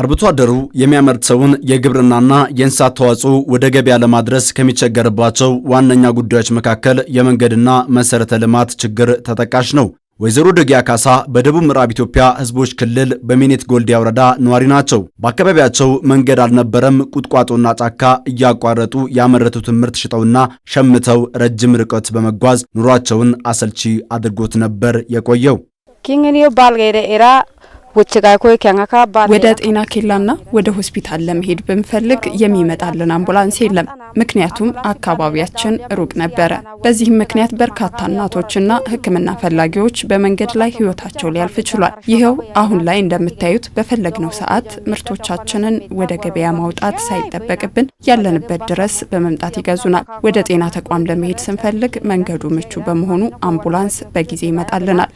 አርብቶ አደሩ የሚያመርተውን የግብርናና የእንስሳት ተዋጽኦ ወደ ገበያ ለማድረስ ከሚቸገርባቸው ዋነኛ ጉዳዮች መካከል የመንገድና መሰረተ ልማት ችግር ተጠቃሽ ነው። ወይዘሮ ደጊያ ካሳ በደቡብ ምዕራብ ኢትዮጵያ ህዝቦች ክልል በሚኒት ጎልዲያ ወረዳ ነዋሪ ናቸው። በአካባቢያቸው መንገድ አልነበረም። ቁጥቋጦና ጫካ እያቋረጡ ያመረቱትን ምርት ሽጠውና ሸምተው ረጅም ርቀት በመጓዝ ኑሯቸውን አሰልቺ አድርጎት ነበር የቆየው። ወደ ጤና ኬላና ወደ ሆስፒታል ለመሄድ ብንፈልግ የሚመጣልን አምቡላንስ የለም። ምክንያቱም አካባቢያችን ሩቅ ነበረ። በዚህም ምክንያት በርካታ እናቶችና ሕክምና ፈላጊዎች በመንገድ ላይ ህይወታቸው ሊያልፍ ችሏል። ይኸው አሁን ላይ እንደምታዩት በፈለግነው ሰዓት ምርቶቻችንን ወደ ገበያ ማውጣት ሳይጠበቅብን ያለንበት ድረስ በመምጣት ይገዙናል። ወደ ጤና ተቋም ለመሄድ ስንፈልግ መንገዱ ምቹ በመሆኑ አምቡላንስ በጊዜ ይመጣልናል።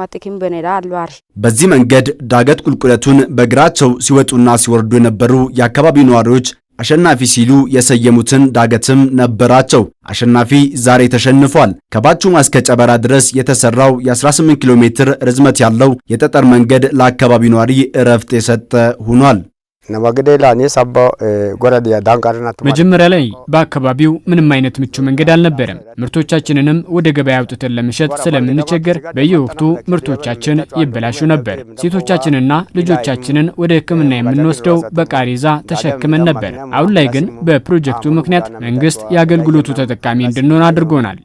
ሸማጥኪም በኔዳ አሉ በዚህ መንገድ ዳገት ቁልቁለቱን በእግራቸው ሲወጡና ሲወርዱ የነበሩ የአካባቢው ነዋሪዎች አሸናፊ ሲሉ የሰየሙትን ዳገትም ነበራቸው። አሸናፊ ዛሬ ተሸንፏል። ከባቹማ እስከ ጨበራ ድረስ የተሰራው የ18 ኪሎ ሜትር ርዝመት ያለው የጠጠር መንገድ ለአካባቢው ነዋሪ እረፍት የሰጠ ሆኗል። መጀመሪያ ላይ በአካባቢው ምንም አይነት ምቹ መንገድ አልነበረም። ምርቶቻችንንም ወደ ገበያ አውጥተን ለመሸጥ ስለምንቸገር በየወቅቱ ምርቶቻችን ይበላሹ ነበር። ሴቶቻችንና ልጆቻችንን ወደ ሕክምና የምንወስደው በቃሬዛ ተሸክመን ነበር። አሁን ላይ ግን በፕሮጀክቱ ምክንያት መንግስት የአገልግሎቱ ተጠቃሚ እንድንሆን አድርጎናል።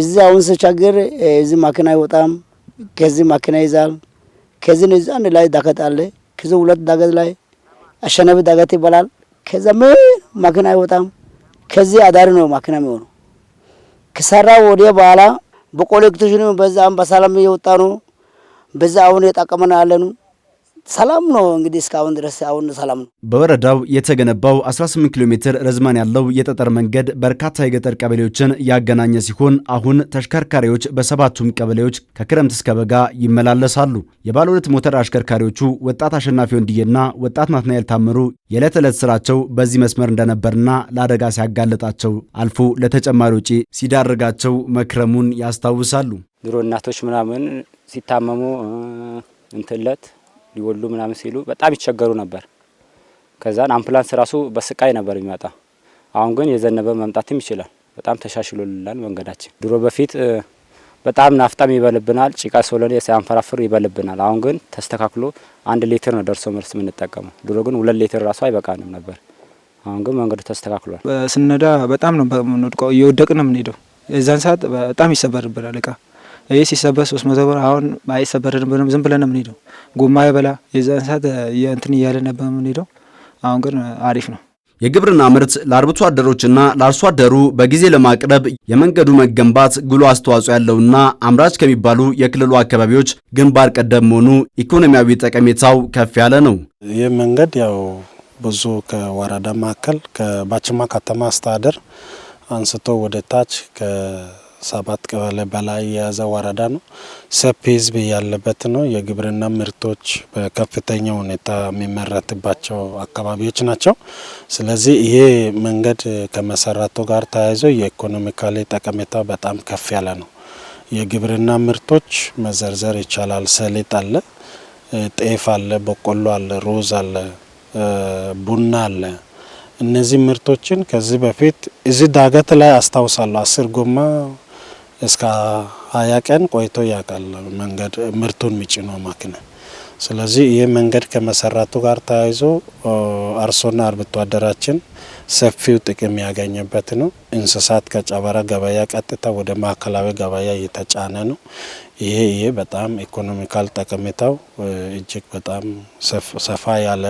እዚህ አሁን ስቸግር እዚህ ማኪና አይወጣም፣ ከዚህ ማኪና ይዛል ከዚህ እዛን ላይ ዳገት አለ። ከዚህ ሁለት ዳገት ላይ አሸነፍ ዳገት ይባላል። ከዛ ምን ማኪና አይወጣም። ከዚህ አዳሪ ነው ማኪና የሚሆነው። ከሰራ ወዲያ በኋላ በኮሌክሽኑ በዛም በሰላም እየወጣ ነው። በዛ አሁን የጠቀመን አለኑ ሰላም ነው እንግዲህ እስካሁን ድረስ አሁን ሰላም ነው። በወረዳው የተገነባው 18 ኪሎ ሜትር ርዝማን ያለው የጠጠር መንገድ በርካታ የገጠር ቀበሌዎችን ያገናኘ ሲሆን አሁን ተሽከርካሪዎች በሰባቱም ቀበሌዎች ከክረምት እስከ በጋ ይመላለሳሉ። የባለ ሁለት ሞተር አሽከርካሪዎቹ ወጣት አሸናፊ ወንድዬና ወጣት ናትናኤል ታምሩ የዕለት ዕለት ስራቸው በዚህ መስመር እንደነበርና ለአደጋ ሲያጋለጣቸው አልፎ ለተጨማሪ ውጪ ሲዳርጋቸው መክረሙን ያስታውሳሉ። ድሮ እናቶች ምናምን ሲታመሙ እንትለት ሊወሉ ምናምን ሲሉ በጣም ይቸገሩ ነበር። ከዛን አምፕላንስ ራሱ በስቃይ ነበር የሚመጣ። አሁን ግን የዘነበ መምጣትም ይችላል። በጣም ተሻሽሎልናል መንገዳችን። ድሮ በፊት በጣም ናፍጣም ይበልብናል፣ ጭቃ ሶለን ሲያንፈራፍር ይበልብናል። አሁን ግን ተስተካክሎ አንድ ሌትር ነው ደርሶ መልስ የምንጠቀመው። ድሮ ግን ሁለት ሌትር ራሱ አይበቃንም ነበር። አሁን ግን መንገዱ ተስተካክሏል። ስነዳ በጣም ነው ወድቀው እየወደቅ ነው የምንሄደው። የዛን ሰዓት በጣም ይሰበርብናል እቃ ይህ ሲሰበር ሶስት መቶ ብር አሁን አይሰበርንም ዝም ብለን የምንሄደው። ጎማ የበላ የዛን የእንትን እያለ ነበር የምንሄደው። አሁን ግን አሪፍ ነው። የግብርና ምርት ለአርብቶ አደሮችና ለአርሶ አደሩ በጊዜ ለማቅረብ የመንገዱ መገንባት ጉሎ አስተዋጽኦ ያለውና አምራች ከሚባሉ የክልሉ አካባቢዎች ግንባር ቀደም መሆኑ ኢኮኖሚያዊ ጠቀሜታው ከፍ ያለ ነው። ይህ መንገድ ያው ብዙ ከወረዳ ማዕከል ከባችማ ከተማ አስተዳደር አንስቶ ወደ ታች ሰባት ቀበሌ በላይ የያዘ ወረዳ ነው። ሰፊ ህዝብ ያለበት ነው። የግብርና ምርቶች በከፍተኛ ሁኔታ የሚመረትባቸው አካባቢዎች ናቸው። ስለዚህ ይሄ መንገድ ከመሰራቱ ጋር ተያይዞ የኢኮኖሚካሊ ጠቀሜታ በጣም ከፍ ያለ ነው። የግብርና ምርቶች መዘርዘር ይቻላል። ሰሊጥ አለ፣ ጤፍ አለ፣ በቆሎ አለ፣ ሩዝ አለ፣ ቡና አለ። እነዚህ ምርቶችን ከዚህ በፊት እዚህ ዳገት ላይ አስታውሳለሁ አስር ጎማ እስከ ሀያ ቀን ቆይቶ ያውቃል። መንገድ ምርቱን የሚጭነው ማክነን ስለዚህ ይህ መንገድ ከመሰራቱ ጋር ተያይዞ አርሶና አርብቶ አደራችን ሰፊው ጥቅም ያገኘበት ነው። እንስሳት ከጨበራ ገበያ ቀጥታ ወደ ማዕከላዊ ገበያ እየተጫነ ነው። ይሄ ይሄ በጣም ኢኮኖሚካል ጠቀሜታው እጅግ በጣም ሰፋ ያለ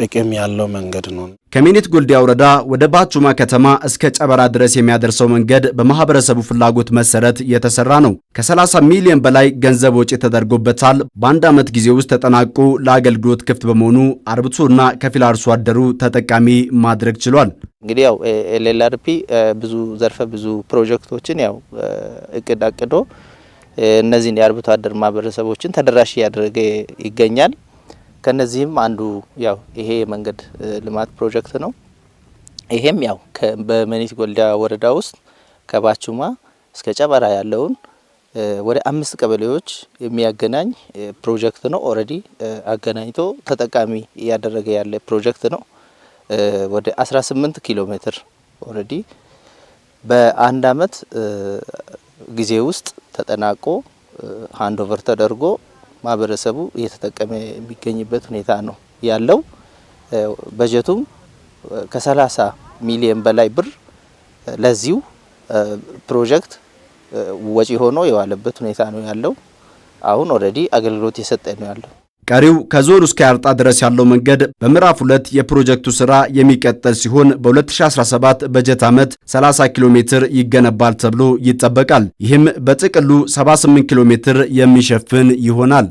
ጥቅም ያለው መንገድ ነው። ከሚኒት ጉልዲያ ወረዳ ወደ ባቹማ ከተማ እስከ ጨበራ ድረስ የሚያደርሰው መንገድ በማህበረሰቡ ፍላጎት መሰረት የተሰራ ነው። ከ30 ሚሊዮን በላይ ገንዘብ ወጪ ተደርጎበታል። በአንድ ዓመት ጊዜ ውስጥ ተጠናቆ ለአገልግሎት ክፍት በመሆኑ አርብቶና ከፊል አርሶ አደሩ ተጠቃሚ ማድረግ ችሏል። እንግዲህ ያው ኤልኤልአርፒ ብዙ ዘርፈ ብዙ ፕሮጀክቶችን ያው እቅድ አቅዶ እነዚህን የአርብቶ አደር ማህበረሰቦችን ተደራሽ እያደረገ ይገኛል። ከነዚህም አንዱ ያው ይሄ የመንገድ ልማት ፕሮጀክት ነው። ይሄም ያው በመኒት ጎልዳ ወረዳ ውስጥ ከባቹማ እስከ ጨበራ ያለውን ወደ አምስት ቀበሌዎች የሚያገናኝ ፕሮጀክት ነው። ኦልሬዲ አገናኝቶ ተጠቃሚ እያደረገ ያለ ፕሮጀክት ነው። ወደ 18 ኪሎ ሜትር ኦልሬዲ በአንድ አመት ጊዜ ውስጥ ተጠናቆ ሃንድ ኦቨር ተደርጎ ማህበረሰቡ እየተጠቀመ የሚገኝበት ሁኔታ ነው ያለው። በጀቱም ከ30 ሚሊዮን በላይ ብር ለዚሁ ፕሮጀክት ወጪ ሆኖ የዋለበት ሁኔታ ነው ያለው። አሁን ኦልሬዲ አገልግሎት የሰጠ ነው ያለው። ቀሪው ከዞን እስከ ያርጣ ድረስ ያለው መንገድ በምዕራፍ ሁለት የፕሮጀክቱ ስራ የሚቀጥል ሲሆን በ2017 በጀት ዓመት 30 ኪሎ ሜትር ይገነባል ተብሎ ይጠበቃል። ይህም በጥቅሉ 78 ኪሎ ሜትር የሚሸፍን ይሆናል።